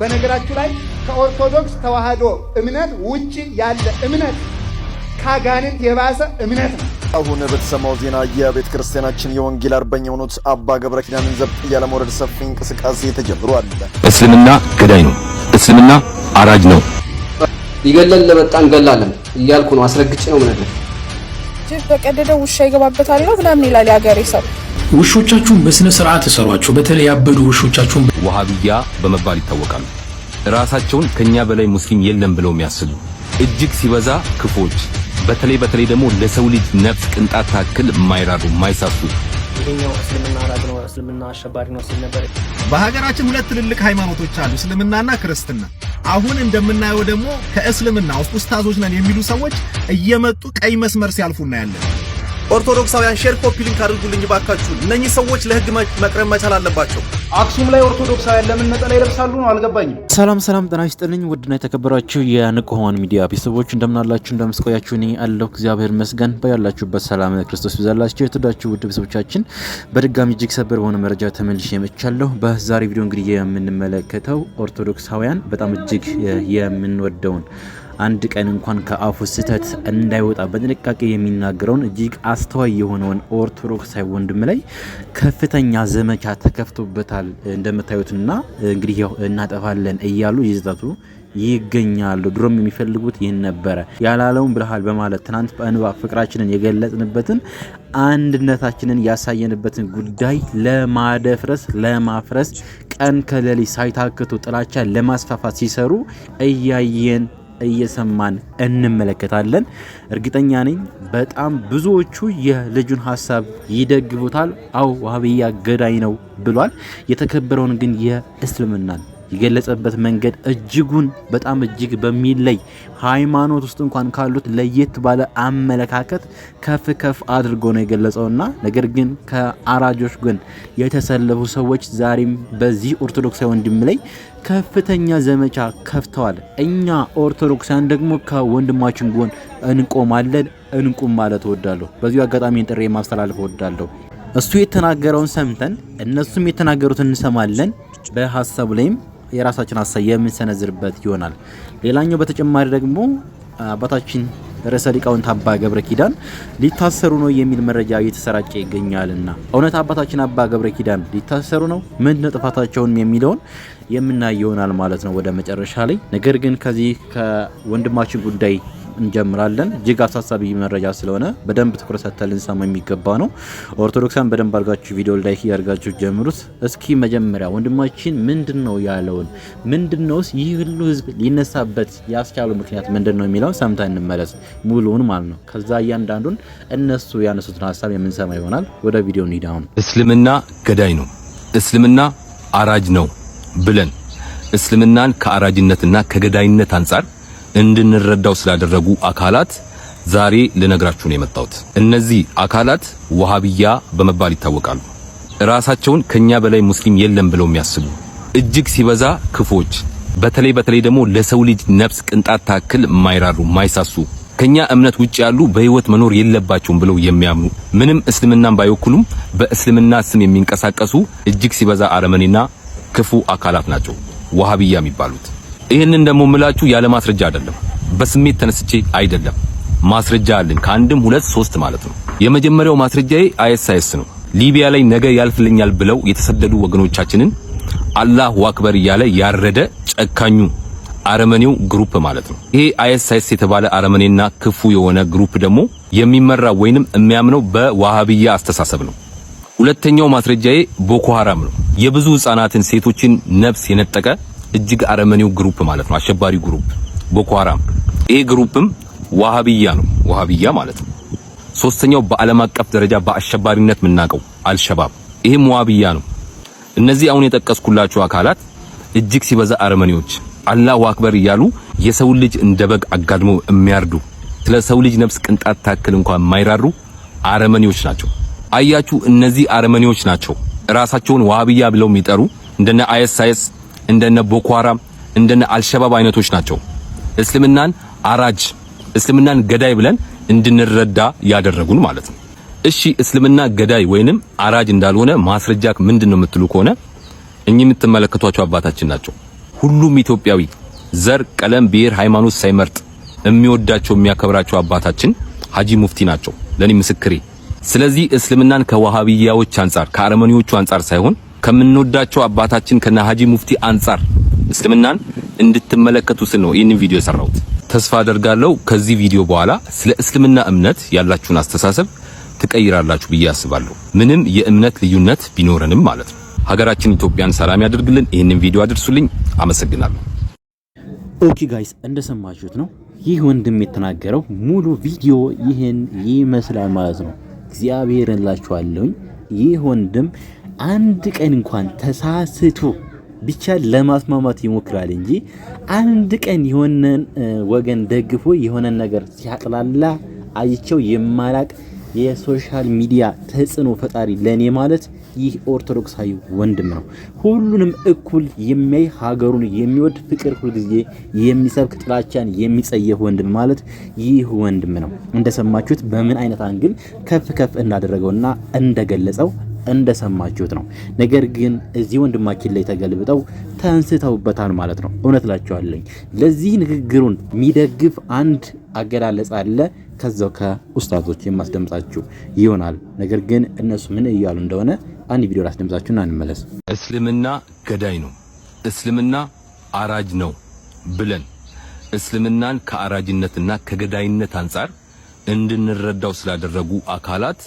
በነገራችሁ ላይ ከኦርቶዶክስ ተዋህዶ እምነት ውጭ ያለ እምነት ከአጋንንት የባሰ እምነት ነው። አሁን በተሰማው ዜና የቤተ ክርስቲያናችን የወንጌል አርበኛ የሆኑት አባ ገብረ ኪዳንን ዘብጥ ያለመውረድ ሰፊ እንቅስቃሴ ተጀምሯል። እስልምና ገዳይ ነው፣ እስልምና አራጅ ነው፣ ይገለል ለመጣ እንገላለን እያልኩ ነው። አስረግጬ ነው ምነግርህ። በቀደደው ውሻ ይገባበታል ነው ምናምን ይላል የሀገሬ ሰው ውሾቻችሁን በስነ ስርዓት እሰሯቸው። በተለይ ያበዱ ውሾቻችሁን ወሃቢያ በመባል ይታወቃሉ። ራሳቸውን ከኛ በላይ ሙስሊም የለም ብለው የሚያስቡ እጅግ ሲበዛ ክፎች፣ በተለይ በተለይ ደግሞ ለሰው ልጅ ነፍስ ቅንጣት ታክል የማይራሩ የማይሳሱ ይሄኛው እስልምና ራቅ ነው፣ እስልምና አሸባሪ ነው ሲል ነበር። በሀገራችን ሁለት ትልልቅ ሃይማኖቶች አሉ፣ እስልምናና ክርስትና። አሁን እንደምናየው ደግሞ ከእስልምና ውስጥ ኡስታዞች ነን የሚሉ ሰዎች እየመጡ ቀይ መስመር ሲያልፉ እናያለን። ኦርቶዶክሳውያን ሼር ኮፒ ሊንክ አድርጉልኝ ባካችሁ። እነኚህ ሰዎች ለህግ መቅረብ መቻል አለባቸው። አክሱም ላይ ኦርቶዶክሳውያን ለምን ነጠላ ይለብሳሉ ነው አልገባኝም። ሰላም ሰላም፣ ጤና ይስጥልኝ ውድና የተከበራችሁ የንቁሆን ሚዲያ ቤተሰቦች እንደምናላችሁ፣ እንደምስቆያችሁ እኔ አለሁ እግዚአብሔር ይመስገን። በያላችሁበት ሰላም ክርስቶስ ይብዛላችሁ። የተወደዳችሁ ውድ ቤተሰቦቻችን በድጋሚ እጅግ ሰበር በሆነ መረጃ ተመልሼ መጥቻለሁ። በዛሬ ቪዲዮ እንግዲህ የምንመለከተው ኦርቶዶክሳውያን በጣም እጅግ የምንወደውን አንድ ቀን እንኳን ከአፉ ስህተት እንዳይወጣ በጥንቃቄ የሚናገረውን እጅግ አስተዋይ የሆነውን ኦርቶዶክሳዊ ወንድም ላይ ከፍተኛ ዘመቻ ተከፍቶበታል። እንደምታዩትና እንግዲህ እናጠፋለን እያሉ ይዘቱ ይገኛሉ። ድሮም የሚፈልጉት ይህን ነበረ። ያላለውን ብልሃል በማለት ትናንት በእንባ ፍቅራችንን የገለጽንበትን አንድነታችንን ያሳየንበትን ጉዳይ ለማደፍረስ ለማፍረስ ቀን ከሌሊት ሳይታክቱ ጥላቻ ለማስፋፋት ሲሰሩ እያየን እየሰማን እንመለከታለን። እርግጠኛ ነኝ በጣም ብዙዎቹ የልጁን ሀሳብ ይደግፉታል። አው ዋህብያ ገዳይ ነው ብሏል። የተከበረውን ግን የእስልምናን የገለጸበት መንገድ እጅጉን በጣም እጅግ በሚለይ ሃይማኖት ውስጥ እንኳን ካሉት ለየት ባለ አመለካከት ከፍ ከፍ አድርጎ ነው የገለጸውና ነገር ግን ከአራጆች ግን የተሰለፉ ሰዎች ዛሬም በዚህ ኦርቶዶክሳዊ ወንድም ላይ ከፍተኛ ዘመቻ ከፍተዋል። እኛ ኦርቶዶክሳን ደግሞ ከወንድማችን ጎን እንቆማለን። እንቁም ማለት እወዳለሁ። በዚሁ አጋጣሚ ጥሪ ማስተላለፍ እወዳለሁ። እሱ የተናገረውን ሰምተን እነሱም የተናገሩትን እንሰማለን። በሀሳቡ ላይም የራሳችን ሀሳብ የምንሰነዝርበት ይሆናል። ሌላኛው በተጨማሪ ደግሞ አባታችን ርዕሰ ሊቃውንት አባ ገብረ ኪዳን ሊታሰሩ ነው የሚል መረጃ እየተሰራጨ ይገኛልና እውነት አባታችን አባ ገብረ ኪዳን ሊታሰሩ ነው? ምንድነው ጥፋታቸውንም የሚለውን የምናየው ይሆናል ማለት ነው ወደ መጨረሻ ላይ። ነገር ግን ከዚህ ከወንድማችን ጉዳይ እንጀምራለን። እጅግ አሳሳቢ መረጃ ስለሆነ በደንብ ትኩረት ሰጥተን ልንሰማ የሚገባ ነው። ኦርቶዶክሳን በደንብ አርጋችሁ ቪዲዮ ላይክ ያርጋችሁ ጀምሩት። እስኪ መጀመሪያ ወንድማችን ምንድን ነው ያለውን ምንድን ነው ይህ ሁሉ ህዝብ ሊነሳበት ያስቻሉ ምክንያት ምንድን ነው የሚለውን ሰምተን እንመለስ፣ ሙሉውን ማለት ነው። ከዛ እያንዳንዱን እነሱ ያነሱትን ሀሳብ የምንሰማ ይሆናል። ወደ ቪዲዮ እንሂድ። አሁን እስልምና ገዳይ ነው፣ እስልምና አራጅ ነው ብለን እስልምናን ከአራጅነትና ከገዳይነት አንጻር እንድንረዳው ስላደረጉ አካላት ዛሬ ልነግራችሁ ነው የመጣሁት። እነዚህ አካላት ወሃቢያ በመባል ይታወቃሉ። ራሳቸውን ከኛ በላይ ሙስሊም የለም ብለው የሚያስቡ እጅግ ሲበዛ ክፎች፣ በተለይ በተለይ ደግሞ ለሰው ልጅ ነፍስ ቅንጣት ታክል ማይራሩ ማይሳሱ ከኛ እምነት ውጭ ያሉ በህይወት መኖር የለባቸውም ብለው የሚያምኑ ምንም እስልምናን ባይወክሉም በእስልምና ስም የሚንቀሳቀሱ እጅግ ሲበዛ አረመኔና ክፉ አካላት ናቸው ወሃቢያ የሚባሉት። ይህንን ደግሞ ምላችሁ ያለ ማስረጃ አይደለም፣ በስሜት ተነስቼ አይደለም። ማስረጃ አለኝ ከአንድም ሁለት ሶስት ማለት ነው። የመጀመሪያው ማስረጃዬ አይኤስአይኤስ ነው። ሊቢያ ላይ ነገ ያልፍልኛል ብለው የተሰደዱ ወገኖቻችንን አላሁ አክበር እያለ ያረደ ጨካኙ አረመኔው ግሩፕ ማለት ነው። ይሄ አይኤስአይኤስ የተባለ አረመኔና ክፉ የሆነ ግሩፕ ደግሞ የሚመራ ወይንም የሚያምነው በዋሃብያ አስተሳሰብ ነው። ሁለተኛው ማስረጃዬ ቦኮ ነው። የብዙ ህጻናትን ሴቶችን ነፍስ የነጠቀ እጅግ አረመኔው ግሩፕ ማለት ነው። አሸባሪ ግሩፕ ቦኮ ሀራም። ግሩፕም ዋሃብያ ነው፣ ዋሃብያ ማለት ነው። ሶስተኛው በዓለም አቀፍ ደረጃ በአሸባሪነት የምናውቀው አልሸባብ፣ ይሄም ዋሃብያ ነው። እነዚህ አሁን የጠቀስኩላችሁ አካላት እጅግ ሲበዛ አረመኔዎች አላሁ አክበር እያሉ የሰው ልጅ እንደ በግ አጋድሞ የሚያርዱ ስለ ሰው ልጅ ነፍስ ቅንጣት ታክል እንኳን የማይራሩ አረመኔዎች ናቸው። አያችሁ፣ እነዚህ አረመኔዎች ናቸው ራሳቸውን ዋሃብያ ብለው የሚጠሩ እንደነ አይኤስ አይኤስ እንደነ ቦኮ ሃራም እንደነ አልሸባብ አይነቶች ናቸው እስልምናን አራጅ እስልምናን ገዳይ ብለን እንድንረዳ ያደረጉን ማለት ነው። እሺ እስልምና ገዳይ ወይንም አራጅ እንዳልሆነ ማስረጃ ምንድነው የምትሉ ከሆነ እኚህ የምትመለከቷቸው አባታችን ናቸው። ሁሉም ኢትዮጵያዊ ዘር፣ ቀለም፣ ብሔር፣ ሃይማኖት ሳይመርጥ የሚወዳቸው የሚያከብራቸው አባታችን ሀጂ ሙፍቲ ናቸው ለኔ ምስክሬ። ስለዚህ እስልምናን ከዋሃብያዎች አንጻር ከአርመኒዎች አንጻር ሳይሆን ከምንወዳቸው አባታችን ከነሐጂ ሀጂ ሙፍቲ አንጻር እስልምናን እንድትመለከቱ ስል ነው ይህንን ቪዲዮ የሰራሁት። ተስፋ አደርጋለሁ ከዚህ ቪዲዮ በኋላ ስለ እስልምና እምነት ያላችሁን አስተሳሰብ ትቀይራላችሁ ብዬ አስባለሁ። ምንም የእምነት ልዩነት ቢኖረንም ማለት ነው። ሀገራችን ኢትዮጵያን ሰላም ያደርግልን። ይህንን ቪዲዮ አድርሱልኝ። አመሰግናለሁ። ኦኬ ጋይስ እንደሰማችሁት ነው ይህ ወንድም የተናገረው ሙሉ ቪዲዮ ይህን ይመስላል ማለት ነው። እግዚአብሔር እላችኋለሁኝ ይህ ወንድም አንድ ቀን እንኳን ተሳስቶ ብቻ ለማስማማት ይሞክራል እንጂ አንድ ቀን የሆነን ወገን ደግፎ የሆነን ነገር ሲያቅላላ አይቸው የማላቅ የሶሻል ሚዲያ ተጽዕኖ ፈጣሪ ለእኔ ማለት ይህ ኦርቶዶክሳዊ ወንድም ነው። ሁሉንም እኩል የሚያይ ሀገሩን የሚወድ ፍቅር ሁልጊዜ የሚሰብክ ጥላቻን የሚጸየፍ ወንድም ማለት ይህ ወንድም ነው። እንደሰማችሁት በምን አይነት አንግል ከፍ ከፍ እንዳደረገውና እንደገለጸው እንደሰማችሁት ነው። ነገር ግን እዚህ ወንድማችን ላይ ተገልብጠው ተንስተውበታል ማለት ነው። እውነት ላቸዋለኝ ለዚህ ንግግሩን የሚደግፍ አንድ አገላለጽ አለ። ከዛው ከኡስታዞች የማስደምጣችሁ ይሆናል። ነገር ግን እነሱ ምን እያሉ እንደሆነ አንድ ቪዲዮ ላስደምጣችሁና እንመለስ። እስልምና ገዳይ ነው፣ እስልምና አራጅ ነው ብለን እስልምናን ከአራጅነትና ከገዳይነት አንጻር እንድንረዳው ስላደረጉ አካላት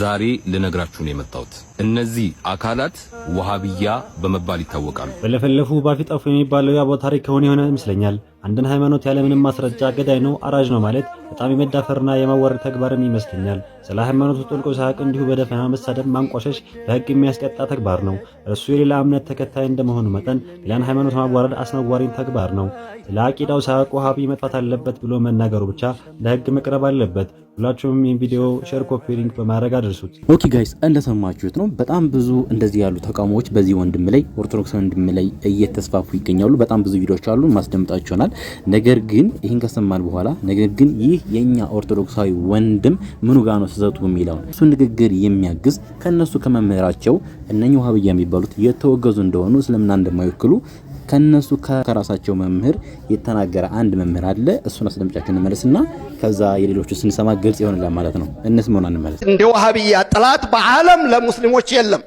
ዛሬ ልነግራችሁ ነው የመጣሁት። እነዚህ አካላት ወሃብያ በመባል ይታወቃሉ። በለፈለፉ ባፊ ጠፉ የሚባለው የአቦ ታሪክ ከሆነ የሆነ ይመስለኛል። አንድን ሃይማኖት ያለምንም ማስረጃ ገዳይ ነው፣ አራጅ ነው ማለት በጣም የመዳፈርና የማዋረድ ተግባርም ይመስለኛል። ስለ ሃይማኖቱ ጥልቁ ሳያውቅ እንዲሁ በደፈና መሳደብ፣ ማንቋሸሽ በህግ የሚያስቀጣ ተግባር ነው። እርሱ የሌላ እምነት ተከታይ እንደመሆኑ መጠን ሌላን ሃይማኖት ማዋረድ አስነዋሪን ተግባር ነው። ስለ አቂዳው ሳያውቅ ውሃቢ መጥፋት አለበት ብሎ መናገሩ ብቻ ለህግ መቅረብ አለበት። ሁላችሁም ይህን ቪዲዮ ሼር፣ ኮፒ ሊንክ በማድረግ አድርሱት። ኦኬ ጋይስ እንደሰማችሁት ነው። በጣም ብዙ እንደዚህ ያሉ ተቃውሞዎች በዚህ ወንድም ላይ ኦርቶዶክስ ወንድም ላይ እየተስፋፉ ይገኛሉ። በጣም ብዙ ቪዲዮዎች አሉ ማስደምጣችሁናል። ነገር ግን ይህን ከሰማን በኋላ ነገር ግን ይህ የእኛ ኦርቶዶክሳዊ ወንድም ምኑ ጋ ነው ስህተቱ የሚለውን እሱ ንግግር የሚያግዝ ከእነሱ ከመምህራቸው እነኚህ ውሃብያ የሚባሉት የተወገዙ እንደሆኑ እስልምና እንደማይወክሉ ከነሱ ከራሳቸው መምህር የተናገረ አንድ መምህር አለ። እሱን አስደምጫችሁ እንመለስና ከዛ የሌሎቹ ስንሰማ ግልጽ ይሆንላል ማለት ነው። መሆን እንመለስ። እንደ ውሃብያ ጥላት በዓለም ለሙስሊሞች የለም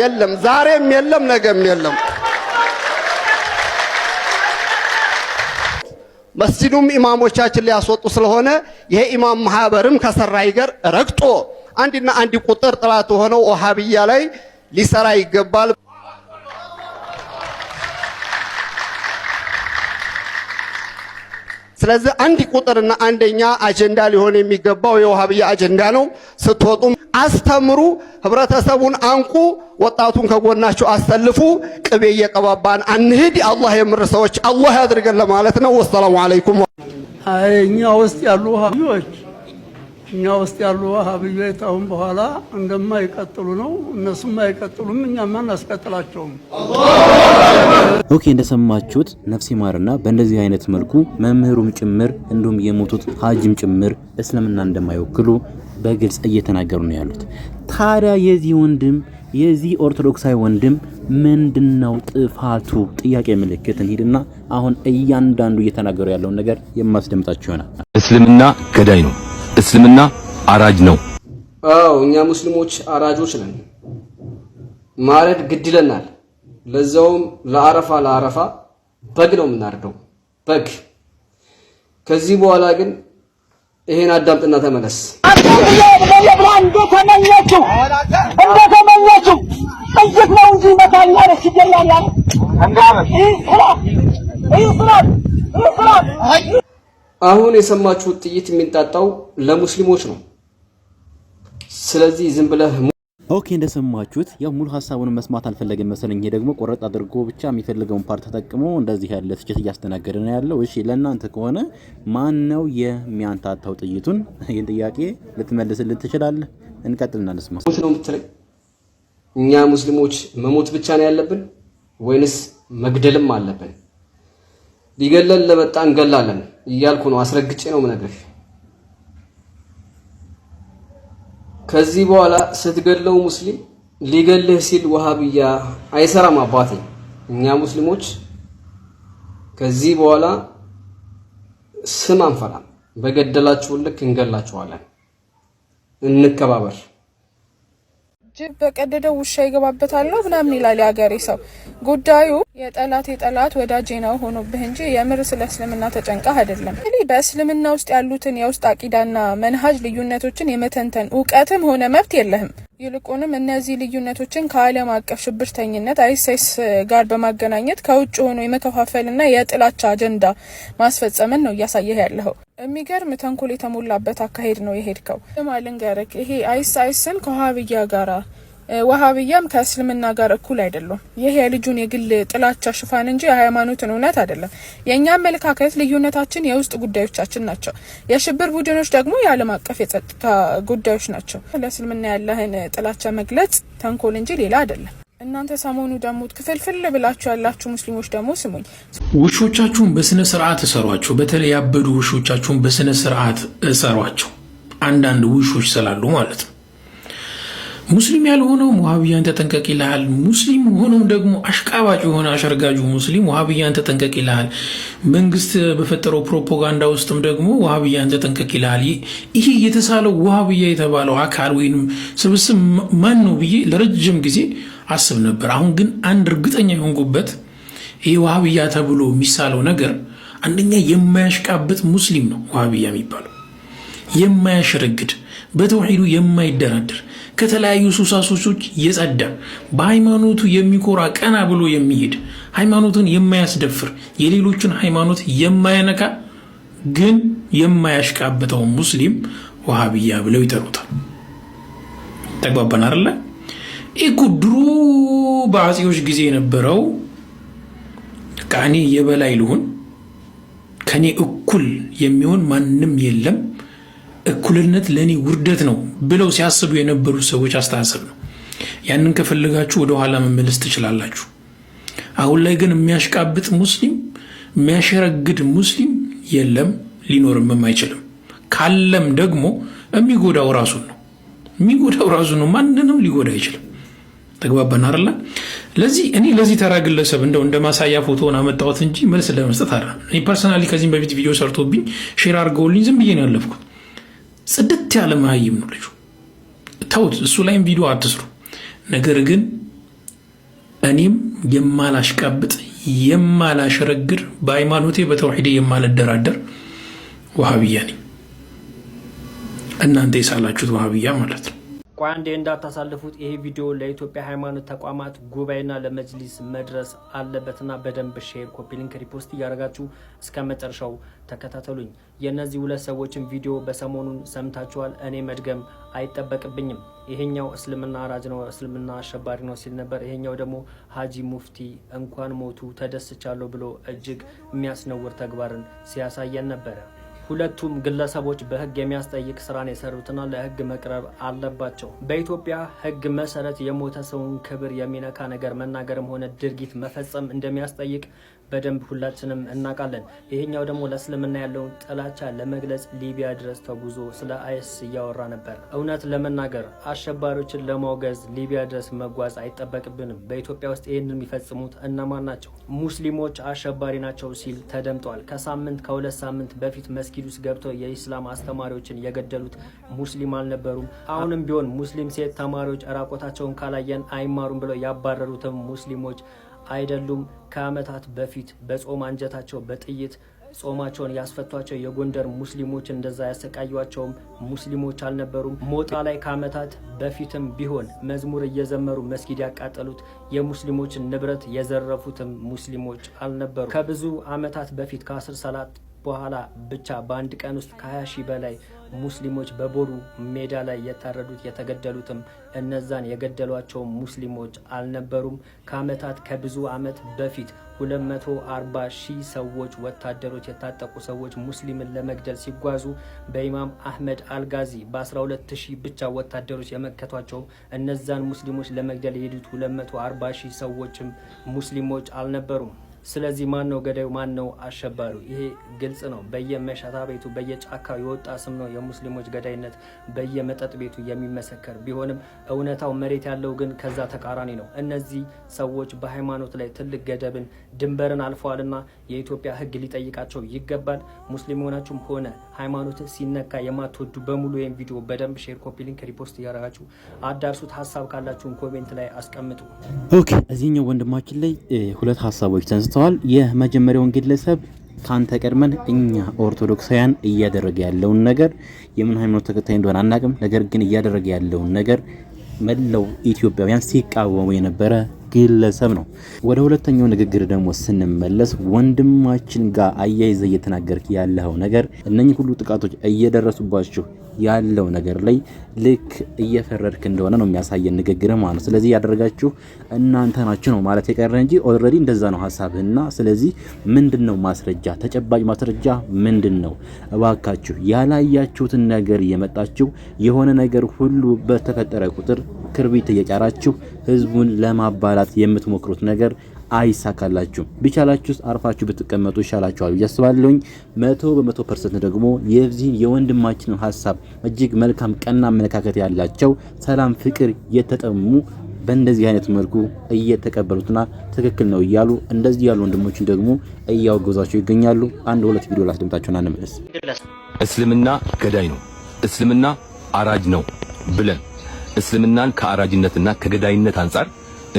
የለም፣ ዛሬም የለም፣ ነገም የለም። መስጂዱም ኢማሞቻችን ሊያስወጡ ስለሆነ ይሄ ኢማም ማህበርም ከሰራይ ጋር ረግጦ አንድና አንድ ቁጥር ጥላት ሆነው ወሃብያ ላይ ሊሰራ ይገባል። ስለዚህ አንድ ቁጥርና አንደኛ አጀንዳ ሊሆን የሚገባው የውሃብያ አጀንዳ ነው። ስትወጡ አስተምሩ፣ ህብረተሰቡን አንቁ፣ ወጣቱን ከጎናችሁ አሰልፉ። ቅቤ እየቀባባን አንሂድ። አላህ የምር ሰዎች አላህ ያድርገን ለማለት ነው። ወሰላሙ አለይኩም። እኛ ውስጥ ያሉ ውሃብዮች እኛ ውስጥ ያሉ ውሃብዮች አሁን በኋላ እንደማይቀጥሉ ነው። እነሱም አይቀጥሉም፣ እኛም አናስቀጥላቸውም። ኦኬ እንደሰማችሁት ነፍሴ ማርና በእንደዚህ አይነት መልኩ መምህሩም ጭምር እንዲሁም የሞቱት ሀጅም ጭምር እስልምና እንደማይወክሉ በግልጽ እየተናገሩ ነው ያሉት። ታዲያ የዚህ ወንድም የዚህ ኦርቶዶክሳዊ ወንድም ምንድነው ጥፋቱ? ጥያቄ ምልክት እንሂድና አሁን እያንዳንዱ እየተናገሩ ያለውን ነገር የማስደምጣችሁ ይሆናል። እስልምና ገዳይ ነው። እስልምና አራጅ ነው። አዎ እኛ ሙስሊሞች አራጆች ነን ማለት ግድ ይለናል። ለዛውም ለአረፋ ለአረፋ በግ ነው የምናርደው በግ። ከዚህ በኋላ ግን ይሄን አዳምጥና ተመለስ። እንደተመኘችው ጥይት ነው እንጂ አሁን የሰማችሁት ጥይት የሚንጣጣው ለሙስሊሞች ነው። ስለዚህ ዝም ብለህ ኦኬ እንደሰማችሁት ያው ሙሉ ሀሳቡን መስማት አልፈለገም መሰለኝ። ይሄ ደግሞ ቆረጥ አድርጎ ብቻ የሚፈልገውን ፓርት ተጠቅሞ እንደዚህ ያለ ትችት እያስተናገደ ነው ያለው። እሺ ለእናንተ ከሆነ ማን ነው የሚያንታታው ጥይቱን? ይህን ጥያቄ ልትመልስልን ትችላለህ? እንቀጥልና ልስማ ነው የምትለኝ። እኛ ሙስሊሞች መሞት ብቻ ነው ያለብን ወይንስ መግደልም አለብን? ሊገለን ለመጣ እንገላለን እያልኩ ነው። አስረግጬ ነው የምነግርህ። ከዚህ በኋላ ስትገለው ሙስሊም ሊገልህ ሲል ወሃብያ አይሰራም። አባቴ እኛ ሙስሊሞች ከዚህ በኋላ ስም አንፈራም። በገደላችሁ ልክ እንገላችኋለን። እንከባበር። ጅብ በቀደደው ውሻ ይገባበታል ነው ምናምን ይላል የሀገሬ ሰው ጉዳዩ የጠላት የጠላት ወዳጄ ነው ሆኖብህ እንጂ የምር ስለ እስልምና ተጨንቃህ አይደለም። እንግዲህ በእስልምና ውስጥ ያሉትን የውስጥ አቂዳና መንሃጅ ልዩነቶችን የመተንተን እውቀትም ሆነ መብት የለህም። ይልቁንም እነዚህ ልዩነቶችን ከዓለም አቀፍ ሽብርተኝነት አይሴስ ጋር በማገናኘት ከውጭ ሆኖ የመከፋፈልና የጥላቻ አጀንዳ ማስፈጸምን ነው እያሳየህ ያለኸው። የሚገርም ተንኮል የተሞላበት አካሄድ ነው የሄድከው። ልንገርህ ይሄ አይስ አይስን ከውሃብያ ጋራ ወሃብያም ከእስልምና ጋር እኩል አይደሉም። ይህ የልጁን የግል ጥላቻ ሽፋን እንጂ የሃይማኖትን እውነት አይደለም። የእኛ አመለካከት ልዩነታችን የውስጥ ጉዳዮቻችን ናቸው። የሽብር ቡድኖች ደግሞ የዓለም አቀፍ የጸጥታ ጉዳዮች ናቸው። ለእስልምና ያለህን ጥላቻ መግለጽ ተንኮል እንጂ ሌላ አይደለም። እናንተ ሰሞኑ ደግሞ ክፍልፍል ብላችሁ ያላችሁ ሙስሊሞች ደግሞ ስሙኝ፣ ውሾቻችሁን በስነ ስርዓት እሰሯቸው። በተለይ ያበዱ ውሾቻችሁን በስነ ስርዓት እሰሯቸው። አንዳንድ ውሾች ስላሉ ማለት ነው። ሙስሊም ያልሆነው ውሃብያን ተጠንቀቅ ይልሃል። ሙስሊም ሆነው ደግሞ አሽቃባጭ የሆነ አሸርጋጁ ሙስሊም ውሃብያን ተጠንቀቅ ይልሃል። መንግስት በፈጠረው ፕሮፓጋንዳ ውስጥም ደግሞ ውሃብያን ተጠንቀቅ ይልሃል። ይሄ የተሳለው ውሃብያ የተባለው አካል ወይም ስብስብ ማን ነው ብዬ ለረጅም ጊዜ አስብ ነበር። አሁን ግን አንድ እርግጠኛ የሆንኩበት ይህ ውሃብያ ተብሎ የሚሳለው ነገር አንደኛ የማያሽቃብጥ ሙስሊም ነው። ውሃብያ የሚባለው የማያሸረግድ በተውሒዱ የማይደራደር ከተለያዩ ሱሳሶች የጸዳ በሃይማኖቱ የሚኮራ ቀና ብሎ የሚሄድ ሃይማኖቱን የማያስደፍር የሌሎችን ሃይማኖት የማያነካ ግን የማያሽቃበተውን ሙስሊም ዋሃብያ ብለው ይጠሩታል። ተግባባን አይደለ? ይህ ድሮ በአጼዎች ጊዜ የነበረው ከእኔ የበላይ ልሆን ከእኔ እኩል የሚሆን ማንም የለም እኩልነት ለእኔ ውርደት ነው ብለው ሲያስቡ የነበሩ ሰዎች አስተሳሰብ ነው። ያንን ከፈለጋችሁ ወደኋላ መመለስ ትችላላችሁ። አሁን ላይ ግን የሚያሽቃብጥ ሙስሊም የሚያሸረግድ ሙስሊም የለም፣ ሊኖርም አይችልም። ካለም ደግሞ የሚጎዳው ራሱን ነው። የሚጎዳው ራሱ ነው። ማንንም ሊጎዳ አይችልም። ተግባባን አይደለ? ለዚህ እኔ ለዚህ ተራ ግለሰብ እንደው እንደ ማሳያ ፎቶውን አመጣሁት እንጂ መልስ ለመስጠት አይደለም። እኔ ፐርሰናሊ ከዚህም በፊት ቪዲዮ ሰርቶብኝ ሼር አድርገውልኝ ዝም ብዬ ነው ያለፍኩት። ጽድት ያለ መሀይም ነው ልጁ። ተውት፣ እሱ ላይም ቪዲዮ አትስሩ። ነገር ግን እኔም የማላሽቃብጥ የማላሸረግር በሃይማኖቴ በተውሂዴ የማልደራደር ውሃብያ ነኝ። እናንተ የሳላችሁት ውሃብያ ማለት ነው። ቆይ አንዴ እንዳታሳልፉት። ይሄ ቪዲዮ ለኢትዮጵያ ሃይማኖት ተቋማት ጉባኤና ለመጅሊስ መድረስ አለበትና በደንብ ሼር፣ ኮፒ ሊንክ፣ ሪፖስት እያደረጋችሁ እስከ መጨረሻው ተከታተሉኝ። የእነዚህ ሁለት ሰዎችን ቪዲዮ በሰሞኑን ሰምታችኋል። እኔ መድገም አይጠበቅብኝም። ይሄኛው እስልምና አራጅ ነው፣ እስልምና አሸባሪ ነው ሲል ነበር። ይሄኛው ደግሞ ሀጂ ሙፍቲ እንኳን ሞቱ ተደስቻለሁ ብሎ እጅግ የሚያስነውር ተግባርን ሲያሳየን ነበረ። ሁለቱም ግለሰቦች በህግ የሚያስጠይቅ ስራን የሰሩትና ለህግ መቅረብ አለባቸው። በኢትዮጵያ ህግ መሰረት የሞተ ሰውን ክብር የሚነካ ነገር መናገርም ሆነ ድርጊት መፈጸም እንደሚያስጠይቅ በደንብ ሁላችንም እናውቃለን። ይሄኛው ደግሞ ለእስልምና ያለውን ጥላቻ ለመግለጽ ሊቢያ ድረስ ተጉዞ ስለ አይስ እያወራ ነበር። እውነት ለመናገር አሸባሪዎችን ለማውገዝ ሊቢያ ድረስ መጓዝ አይጠበቅብንም። በኢትዮጵያ ውስጥ ይህንን የሚፈጽሙት እነማን ናቸው? ሙስሊሞች አሸባሪ ናቸው ሲል ተደምጧል። ከሳምንት ከሁለት ሳምንት በፊት መስጊድ ውስጥ ገብተው የኢስላም አስተማሪዎችን የገደሉት ሙስሊም አልነበሩም። አሁንም ቢሆን ሙስሊም ሴት ተማሪዎች ራቆታቸውን ካላየን አይማሩም ብለው ያባረሩትም ሙስሊሞች አይደሉም። ከዓመታት በፊት በጾም አንጀታቸው በጥይት ጾማቸውን ያስፈቷቸው የጎንደር ሙስሊሞች እንደዛ ያሰቃዩቸውም ሙስሊሞች አልነበሩም። ሞጣ ላይ ከዓመታት በፊትም ቢሆን መዝሙር እየዘመሩ መስጊድ ያቃጠሉት የሙስሊሞችን ንብረት የዘረፉትም ሙስሊሞች አልነበሩ። ከብዙ ዓመታት በፊት ከአስር ሰላት በኋላ ብቻ በአንድ ቀን ውስጥ ከ20 ሺህ በላይ ሙስሊሞች በቦሩ ሜዳ ላይ የታረዱት የተገደሉትም እነዛን የገደሏቸው ሙስሊሞች አልነበሩም። ከአመታት ከብዙ አመት በፊት 240 ሺህ ሰዎች ወታደሮች የታጠቁ ሰዎች ሙስሊምን ለመግደል ሲጓዙ በኢማም አህመድ አልጋዚ በ12 ሺህ ብቻ ወታደሮች የመከቷቸው እነዛን ሙስሊሞች ለመግደል የሄዱት 240 ሺህ ሰዎችም ሙስሊሞች አልነበሩም። ስለዚህ ማን ነው ገዳዩ? ማን ነው አሸባሪው? ይሄ ግልጽ ነው። በየመሸታ ቤቱ በየጫካው የወጣ ስም ነው የሙስሊሞች ገዳይነት በየመጠጥ ቤቱ የሚመሰከር ቢሆንም እውነታው መሬት ያለው ግን ከዛ ተቃራኒ ነው። እነዚህ ሰዎች በሃይማኖት ላይ ትልቅ ገደብን ድንበርን አልፈዋልና የኢትዮጵያ ሕግ ሊጠይቃቸው ይገባል። ሙስሊም ሆናችሁም ሆነ ሃይማኖት ሲነካ የማትወዱ በሙሉ ወይም ቪዲዮ በደንብ ሼር፣ ኮፒ ሊንክ፣ ሪፖስት እያረጋችሁ አዳርሱት። ሀሳብ ካላችሁን ኮሜንት ላይ አስቀምጡ። ኦኬ እዚህኛው ወንድማችን ላይ ሁለት ሀሳቦች ተንስተ ተነስተዋል። የመጀመሪያውን ግለሰብ ከአንተ ቀድመን እኛ ኦርቶዶክሳውያን እያደረገ ያለውን ነገር የምን ሃይማኖት ተከታይ እንደሆነ አናቅም። ነገር ግን እያደረገ ያለውን ነገር መላው ኢትዮጵያውያን ሲቃወሙ የነበረ ግለሰብ ነው። ወደ ሁለተኛው ንግግር ደግሞ ስንመለስ ወንድማችን ጋር አያይዘ እየተናገርክ ያለው ነገር እነኚህ ሁሉ ጥቃቶች እየደረሱባችሁ ያለው ነገር ላይ ልክ እየፈረድክ እንደሆነ ነው የሚያሳየን ንግግር ማለት ነው። ስለዚህ ያደረጋችሁ እናንተ ናችሁ ነው ማለት የቀረ እንጂ ኦልሬዲ እንደዛ ነው ሀሳብህና። ስለዚህ ምንድን ነው ማስረጃ፣ ተጨባጭ ማስረጃ ምንድን ነው? እባካችሁ ያላያችሁትን ነገር እየመጣችሁ የሆነ ነገር ሁሉ በተፈጠረ ቁጥር ክርቢት እየጫራችሁ ህዝቡን ለማባላት የምትሞክሩት ነገር አይሳካላችሁም። ቢቻላችሁስ አርፋችሁ ብትቀመጡ ይሻላችኋል ብዬ አስባለሁኝ። መቶ በመቶ ፐርሰንት ደግሞ የዚህን የወንድማችንን ሀሳብ እጅግ መልካም ቀና አመለካከት ያላቸው ሰላም፣ ፍቅር የተጠሙ በእንደዚህ አይነት መልኩ እየተቀበሉትና ትክክል ነው እያሉ እንደዚህ ያሉ ወንድሞችን ደግሞ እያወገዟቸው ይገኛሉ። አንድ ሁለት ቪዲዮ ላስደምጣችሁና እንመለስ። እስልምና ገዳይ ነው፣ እስልምና አራጅ ነው ብለን እስልምናን ከአራጅነትና ከገዳይነት አንጻር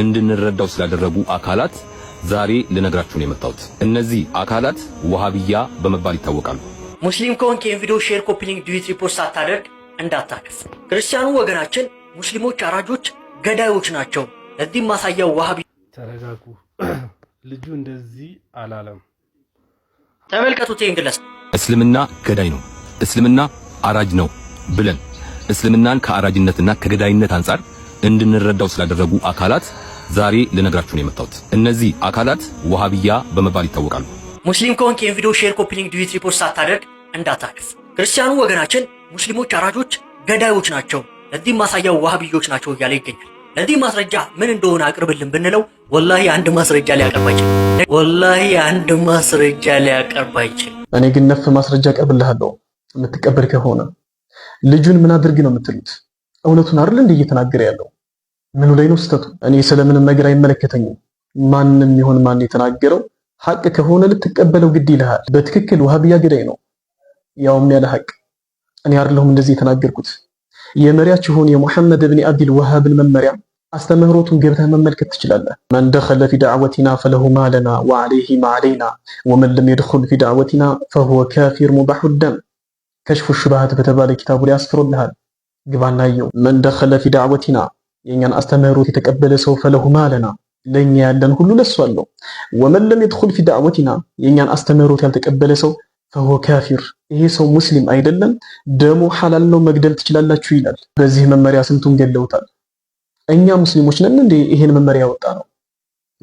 እንድንረዳው ስላደረጉ አካላት ዛሬ ልነግራችሁ ነው የመጣሁት። እነዚህ አካላት ወሃብያ በመባል ይታወቃሉ። ሙስሊም ከሆንክ ይህን ቪዲዮ ሼር፣ ኮፒ ሊንክ፣ ዲዩት ሪፖርት ሳታደርግ እንዳታከፍ። ክርስቲያኑ ወገናችን ሙስሊሞች አራጆች፣ ገዳዮች ናቸው። ለዚህም ማሳያው ወሃቢ። ተረጋጉ። ልጁ እንደዚህ አላለም። ተመልከቱት። ይህን ግለሰብ እስልምና ገዳይ ነው፣ እስልምና አራጅ ነው ብለን እስልምናን ከአራጅነትና ከገዳይነት አንጻር እንድንረዳው ስላደረጉ አካላት ዛሬ ልነግራችሁ ነው የመጣሁት። እነዚህ አካላት ወሃቢያ በመባል ይታወቃሉ። ሙስሊም ከሆንክ ይህን ቪዲዮ ሼር፣ ኮፒ ሊንክ፣ ዲዩት ሪፖርት ሳታደርግ እንዳታልፍ። ክርስቲያኑ ወገናችን ሙስሊሞች አራጆች፣ ገዳዮች ናቸው፣ ለዚህም ማሳያው ወሃቢዮች ናቸው እያለ ይገኛል። ለዚህ ማስረጃ ምን እንደሆነ አቅርብልን ብንለው ወላሂ አንድ ማስረጃ ሊያቀርብ አይችልም። ወላሂ አንድ ማስረጃ ሊያቀርብ አይችልም። እኔ ግን ነፍ ማስረጃ አቀርብልሃለሁ የምትቀበል ከሆነ ልጁን ምን አድርግ ነው የምትሉት? እውነቱን አይደል እንደ እየተናገረ ያለው ምኑ ላይ ነው ስተቱ? እኔ ስለምንም ነገር አይመለከተኝም። ማንም ይሁን ማን የተናገረው ሀቅ ከሆነ ልትቀበለው ግድ ይልሃል። በትክክል ውሃብያ ገዳይ ነው፣ ያውም ያለ ሀቅ። እኔ አይደለሁም እንደዚህ የተናገርኩት። የመሪያችሁን የሙሐመድ ብን አብዲል ወሃብን መመሪያ አስተምህሮቱን ገብተህ መመልከት ትችላለህ። መን ደኸለ ፊ ዳዕወቲና ፈለሁ ማለና ወዐለይሂ ማዐለይና ወመን ለም የድኹል ፊ ዳዕወቲና ፈሁወ ካፊር ሙባሑ ደም ከሽፉ ሹብሃት በተባለ ኪታቡ ላይ አስፍሮልሃል። ግባናየው መን ደኸለ ፊ ዳዕወቲና የእኛን አስተምህሮት የተቀበለ ሰው ፈለሁ ማለና ለኛ ያለን ሁሉ ለሱ አለው። ወመን ለም የድኹል ፊ ዳዕወቲና የእኛን አስተምህሮት ያልተቀበለ ሰው ፈሆ ካፊር፣ ይሄ ሰው ሙስሊም አይደለም። ደሞ ሐላል ነው፣ መግደል ትችላላችሁ ይላል። በዚህ መመሪያ ስንቱን ገለውታል። እኛ ሙስሊሞች ነን እንዴ ይሄን መመሪያ ያወጣ ነው?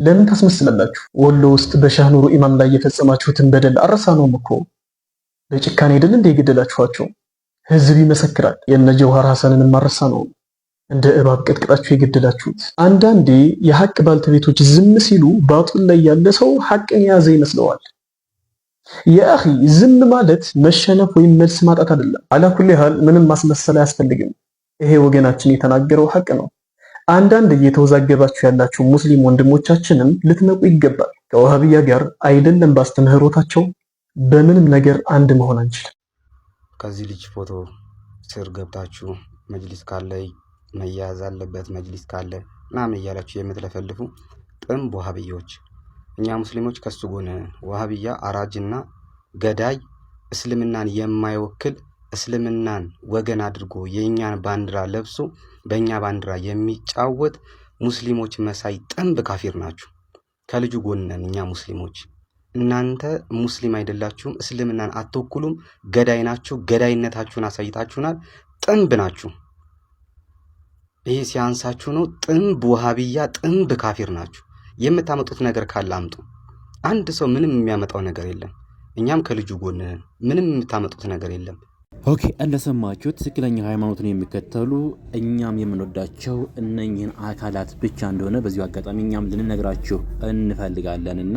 ለምን ታስመስላላችሁ? ወሎ ውስጥ በሻህ ኑሩ ኢማም ላይ የፈጸማችሁትን በደል አረሳ ነው እኮ በጭካኔ አይደል እንዴ የገደላችኋቸው? ህዝብ ይመሰክራል። የነ ጀውሃር ሐሰንን ማረሳ ነው እንደ እባብ ቀጥቅጣችሁ የገደላችሁት። አንዳንዴ የሐቅ ባልተቤቶች ዝም ሲሉ ባጡል ላይ ያለ ሰው ሐቅን የያዘ ይመስለዋል። የአኺ ዝም ማለት መሸነፍ ወይም መልስ ማጣት አይደለም። አላኩል ያህል ምንም ማስመሰል አያስፈልግም። ይሄ ወገናችን የተናገረው ሐቅ ነው። አንዳንድ እየተወዛገባችሁ ያላችሁ ሙስሊም ወንድሞቻችንም ልትነቁ ይገባል። ከወሃቢያ ጋር አይደለም ባስተምህሮታቸው በምንም ነገር አንድ መሆን አንችልም። ከዚህ ልጅ ፎቶ ስር ገብታችሁ መጅሊስ ካለይ መያዝ አለበት መጅሊስ ካለ ምናምን እያላችሁ የምትለፈልፉ ጥም ዋሃብያዎች እኛ ሙስሊሞች ከሱ ጎን ዋሃብያ አራጅና ገዳይ እስልምናን የማይወክል እስልምናን ወገን አድርጎ የእኛን ባንዲራ ለብሶ በእኛ ባንዲራ የሚጫወት ሙስሊሞች መሳይ ጥንብ ካፊር ናችሁ። ከልጁ ጎነን እኛ ሙስሊሞች። እናንተ ሙስሊም አይደላችሁም፣ እስልምናን አትወክሉም፣ ገዳይ ናችሁ። ገዳይነታችሁን አሳይታችሁናል። ጥንብ ናችሁ። ይህ ሲያንሳችሁ ነው። ጥንብ ውሃብያ፣ ጥንብ ካፊር ናችሁ። የምታመጡት ነገር ካለ አምጡ። አንድ ሰው ምንም የሚያመጣው ነገር የለም። እኛም ከልጁ ጎን ነን። ምንም የምታመጡት ነገር የለም። ኦኬ እንደሰማችሁት ትክክለኛ ሃይማኖትን የሚከተሉ እኛም የምንወዳቸው እነኝህን አካላት ብቻ እንደሆነ በዚሁ አጋጣሚ እኛም ልንነግራችሁ እንፈልጋለን እና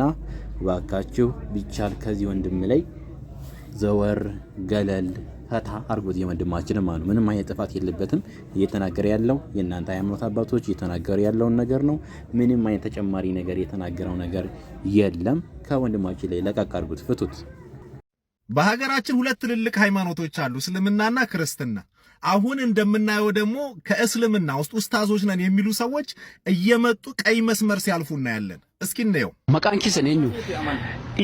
ባካችሁ ቢቻል ከዚህ ወንድም ላይ ዘወር ገለል ፈታ አርጎት የወንድማችን ማለት ነው። ምንም አይነት ጥፋት የለበትም። እየተናገረ ያለው የእናንተ ሃይማኖት አባቶች እየተናገሩ ያለውን ነገር ነው። ምንም አይነት ተጨማሪ ነገር የተናገረው ነገር የለም። ከወንድማችን ላይ ለቀቅ አድርጉት፣ ፍቱት። በሀገራችን ሁለት ትልልቅ ሃይማኖቶች አሉ፣ እስልምናና ክርስትና። አሁን እንደምናየው ደግሞ ከእስልምና ውስጥ ኡስታዞች ነን የሚሉ ሰዎች እየመጡ ቀይ መስመር ሲያልፉ እናያለን። እስኪ እንየው። መቃንኪስ ነኝ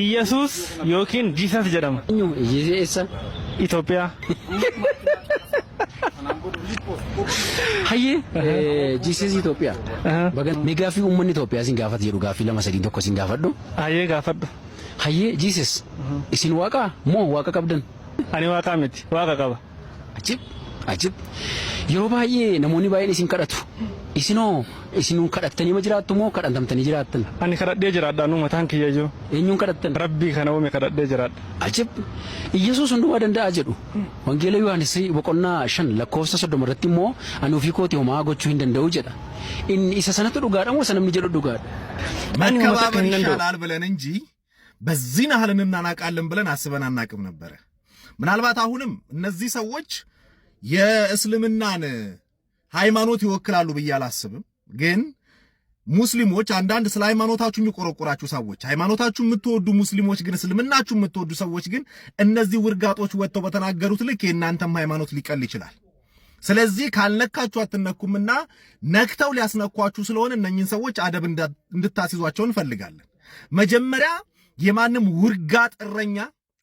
ኢየሱስ ዮኪን ጂሰስ ጀደማ ኢትዮጵያ hayye GCS Itoophiyaa bagan meegaa fi uummanni Itoophiyaa isin gaafata jedhu gaaffii lama sadiin tokko isin gaafadhu. Hayyee gaafadhu. Hayyee GCS isin waaqaa moo waaqa qabdan? Ani waaqaa miti waaqa qaba. Achib. ajib yeroo baay'ee namoonni baay'een isin kadhatu isinoo isinuu kadhattanii ma jiraattu moo kadhatamtanii jiraattan ani kadhadhee jiraadha nu mataan kiyya jiru eenyuun kadhattan rabbii kana uume kadhadhee jiraadha ajib iyyasuus hundumaa danda'a jedhu wangeela yohaanis boqonnaa shan lakkoofsa soddoma irratti immoo ani ofii kooti homaa gochuu hin danda'u jedha inni isa sanatu dhugaadha moo isa namni jedhu dhugaadha መከባበር ይሻላል ብለን እንጂ በዚህ ናህልን እናናቃለን ብለን አስበን አናቅም ነበረ ምናልባት አሁንም እነዚህ ሰዎች የእስልምናን ሃይማኖት ይወክላሉ ብዬ አላስብም። ግን ሙስሊሞች አንዳንድ ስለ ሃይማኖታችሁ የሚቆረቆራችሁ ሰዎች፣ ሃይማኖታችሁ የምትወዱ ሙስሊሞች ግን እስልምናችሁ የምትወዱ ሰዎች ግን እነዚህ ውርጋጦች ወጥተው በተናገሩት ልክ የእናንተም ሃይማኖት ሊቀል ይችላል። ስለዚህ ካልነካችሁ አትነኩምና ነክተው ሊያስነኳችሁ ስለሆነ እነኝን ሰዎች አደብ እንድታስይዟቸው እንፈልጋለን። መጀመሪያ የማንም ውርጋጥ እረኛ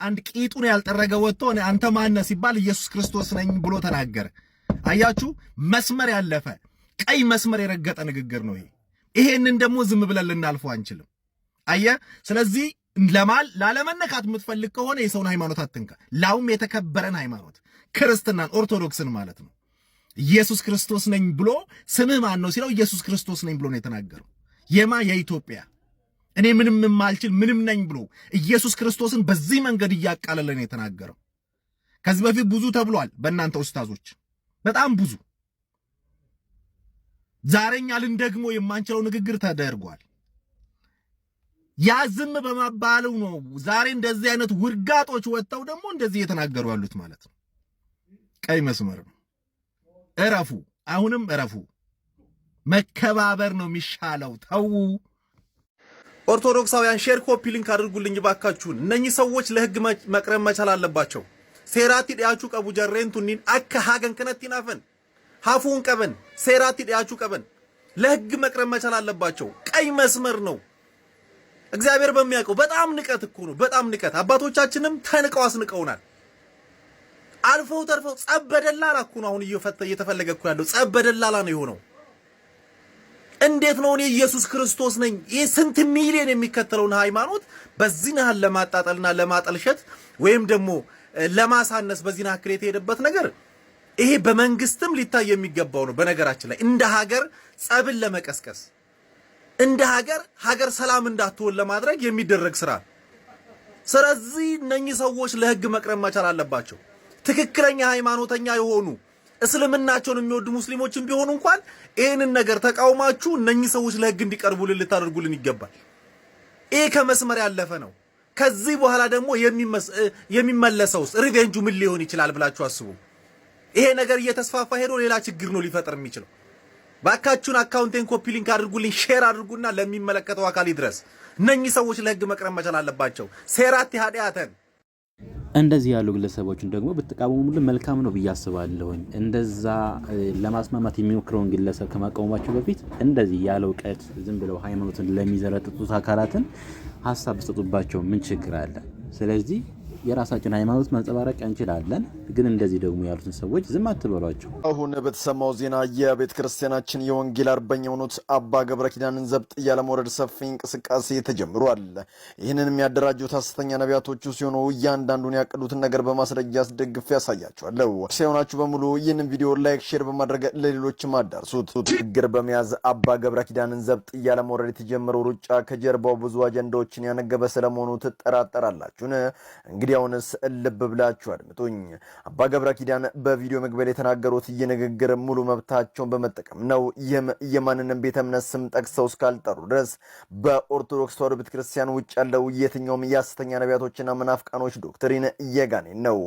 አንድ ቂጡን ያልጠረገ ወጥቶ አንተ ማነ ሲባል ኢየሱስ ክርስቶስ ነኝ ብሎ ተናገረ። አያችሁ፣ መስመር ያለፈ ቀይ መስመር የረገጠ ንግግር ነው ይሄ። ይሄንን ደግሞ ዝም ብለን ልናልፈው አንችልም። አየህ፣ ስለዚህ ለማል ላለመነካት የምትፈልግ ከሆነ የሰውን ሃይማኖት አትንካ፣ ላውም የተከበረን ሃይማኖት ክርስትናን፣ ኦርቶዶክስን ማለት ነው። ኢየሱስ ክርስቶስ ነኝ ብሎ ስምህ ማን ነው ሲለው ኢየሱስ ክርስቶስ ነኝ ብሎ ነው የተናገረው። የማ የኢትዮጵያ እኔ ምንም የማልችል ምንም ነኝ ብሎ ኢየሱስ ክርስቶስን በዚህ መንገድ እያቃለለን የተናገረው ከዚህ በፊት ብዙ ተብሏል። በእናንተ ኡስታዞች በጣም ብዙ ዛሬኛ ልንደግሞ የማንችለው ንግግር ተደርጓል። ያ ዝም በመባሉ ነው ዛሬ እንደዚህ አይነት ውርጋጦች ወጥተው ደግሞ እንደዚህ እየተናገሩ ያሉት ማለት ነው። ቀይ መስመር ነው። እረፉ፣ አሁንም እረፉ። መከባበር ነው የሚሻለው። ተው። ኦርቶዶክሳውያን ሼር ኮፒ ሊንክ አድርጉልኝ ባካችሁን። እነኚህ ሰዎች ለህግ መቅረብ መቻል አለባቸው። ሴራቲ ዲያቹ ቀቡ ጀሬንቱኒን አከ ሀገን ክነቲን አፈን ሀፉን ቀበን ሴራቲ ዲያቹ ቀበን ለህግ መቅረብ መቻል አለባቸው። ቀይ መስመር ነው። እግዚአብሔር በሚያውቀው በጣም ንቀት እኮ ነው። በጣም ንቀት። አባቶቻችንም ተንቀው አስንቀውናል። አልፈው ተርፈው ጸብ በደላላ እኮ ነው አሁን እየፈተ እየተፈለገ እኮ ያለው ጸብ በደላላ ነው የሆነው። እንዴት ነው እኔ ኢየሱስ ክርስቶስ ነኝ ይህ ስንት ሚሊዮን የሚከተለውን ሃይማኖት በዚህ ናህል ለማጣጠልና ለማጠልሸት ወይም ደግሞ ለማሳነስ በዚህ ናክል የተሄደበት ነገር ይሄ በመንግስትም ሊታይ የሚገባው ነው። በነገራችን ላይ እንደ ሀገር ጸብን ለመቀስቀስ እንደ ሀገር ሀገር ሰላም እንዳትሆን ለማድረግ የሚደረግ ስራ። ስለዚህ እነኚህ ሰዎች ለህግ መቅረብ መቻል አለባቸው። ትክክለኛ ሃይማኖተኛ የሆኑ እስልምናቸውን የሚወዱ ሙስሊሞችን ቢሆኑ እንኳን ይህንን ነገር ተቃውማችሁ እነኚህ ሰዎች ለህግ እንዲቀርቡልን ልታደርጉልን ይገባል። ይህ ከመስመር ያለፈ ነው። ከዚህ በኋላ ደግሞ የሚመለሰውስ ሪቬንጁ ምን ሊሆን ይችላል ብላችሁ አስቡ። ይሄ ነገር እየተስፋፋ ሄዶ ሌላ ችግር ነው ሊፈጥር የሚችለው። ባካችሁን አካውንቴን ኮፒ ሊንክ አድርጉልኝ፣ ሼር አድርጉና ለሚመለከተው አካል ይድረስ። እነኚህ ሰዎች ለህግ መቅረብ መቻል አለባቸው። ሴራት ሀዲያተን እንደዚህ ያሉ ግለሰቦችን ደግሞ ብትቃወሙ ሁሉ መልካም ነው ብዬ አስባለሁኝ። እንደዛ ለማስማማት የሚሞክረውን ግለሰብ ከማቃወማቸው በፊት እንደዚህ ያለ እውቀት ዝም ብለው ሃይማኖትን ለሚዘረጥጡት አካላትን ሀሳብ ብትሰጡባቸው ምን ችግር አለ? ስለዚህ የራሳችን ሃይማኖት ማንጸባረቅ እንችላለን። ግን እንደዚህ ደግሞ ያሉትን ሰዎች ዝም አትበሏቸው። አሁን በተሰማው ዜና የቤተ ክርስቲያናችን የወንጌል አርበኛ የሆኑት አባ ገብረ ኪዳንን ዘብጥ እያለመውረድ ሰፊ እንቅስቃሴ ተጀምሯል። ይህንን የሚያደራጁት ሐሰተኛ ነቢያቶቹ ሲሆኑ እያንዳንዱን ያቀዱትን ነገር በማስረጃ አስደግፌ ያሳያቸዋለሁ። ሲሆናችሁ በሙሉ ይህንን ቪዲዮ ላይክ፣ ሼር በማድረግ ለሌሎችም አዳርሱት። ችግር በመያዝ አባ ገብረ ኪዳንን ዘብጥ እያለመውረድ የተጀመረው ሩጫ ከጀርባው ብዙ አጀንዳዎችን ያነገበ ስለመሆኑ ትጠራጠራላችሁን? እንግዲያውንስ ልብ ብላችሁ አድምጡኝ። አባ ገብረ ኪዳን በቪዲዮ መግቢያ የተናገሩት የንግግር ሙሉ መብታቸውን በመጠቀም ነው። ይህም የማንንም ቤተ እምነት ስም ጠቅሰው እስካልጠሩ ድረስ በኦርቶዶክስ ተዋሕዶ ቤተክርስቲያን ውጭ ያለው የትኛውም የሐሰተኛ ነቢያቶችና መናፍቃኖች ዶክትሪን እየጋኔን ነው።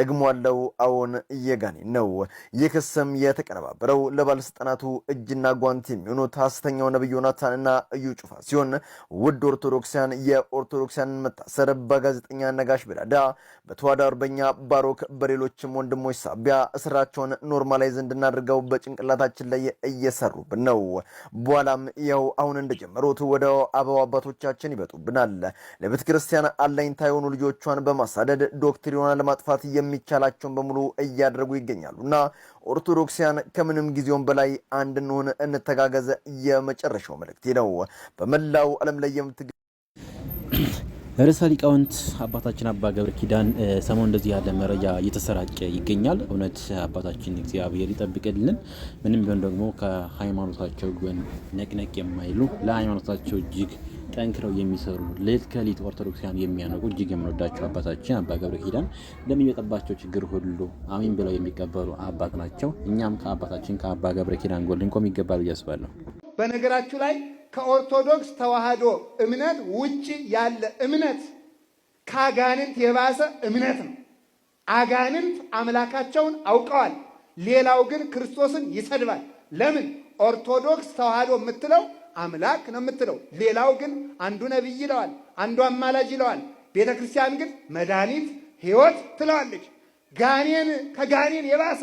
ደግሞ አለው አዎን እየጋኔን ነው። ይህ ክስም የተቀነባበረው ለባለስልጣናቱ እጅና ጓንት የሚሆኑት ሐሰተኛው ነብዩ ዮናታንና እዩ ጩፋ ሲሆን ውድ ኦርቶዶክሲያን የኦርቶዶክሲያንን መታሰር በጋዜጠኛ ነጋሽ ብላ ወረዳ በተዋዳ አርበኛ ባሮክ በሌሎችም ወንድሞች ሳቢያ እስራቸውን ኖርማላይዝ እንድናደርገው በጭንቅላታችን ላይ እየሰሩብን ነው። በኋላም ያው አሁን እንደጀመሩት ወደ አበባ አባቶቻችን ይመጡብናል። ለቤተ ክርስቲያን አለኝታ የሆኑ ልጆቿን በማሳደድ ዶክትሪኗን ለማጥፋት የሚቻላቸውን በሙሉ እያደረጉ ይገኛሉና ኦርቶዶክሲያን ከምንም ጊዜውም በላይ አንድንሆን እንተጋገዘ የመጨረሻው መልእክቴ ነው። በመላው ዓለም ላይ የምትገ ርዕሰ ሊቃውንት አባታችን አባ ገብረ ኪዳን ሰሞን እንደዚህ ያለ መረጃ እየተሰራጨ ይገኛል። እውነት አባታችን እግዚአብሔር ይጠብቅልን። ምንም ቢሆን ደግሞ ከሃይማኖታቸው ጎን ነቅነቅ የማይሉ ለሃይማኖታቸው እጅግ ጠንክረው የሚሰሩ ሌት ከሊት ኦርቶዶክሲያን የሚያነቁ እጅግ የምንወዳቸው አባታችን አባ ገብረ ኪዳን ለሚመጣባቸው ችግር ሁሉ አሚን ብለው የሚቀበሉ አባት ናቸው። እኛም ከአባታችን ከአባ ገብረ ኪዳን ጎን ልንቆም ይገባል ብዬ አስባለሁ። በነገራችሁ ላይ ከኦርቶዶክስ ተዋህዶ እምነት ውጭ ያለ እምነት ከአጋንንት የባሰ እምነት ነው። አጋንንት አምላካቸውን አውቀዋል። ሌላው ግን ክርስቶስን ይሰድባል። ለምን? ኦርቶዶክስ ተዋህዶ የምትለው አምላክ ነው የምትለው። ሌላው ግን አንዱ ነቢይ ይለዋል፣ አንዱ አማላጅ ይለዋል። ቤተ ክርስቲያን ግን መድኃኒት፣ ሕይወት ትለዋለች። ጋኔን ከጋኔን የባሰ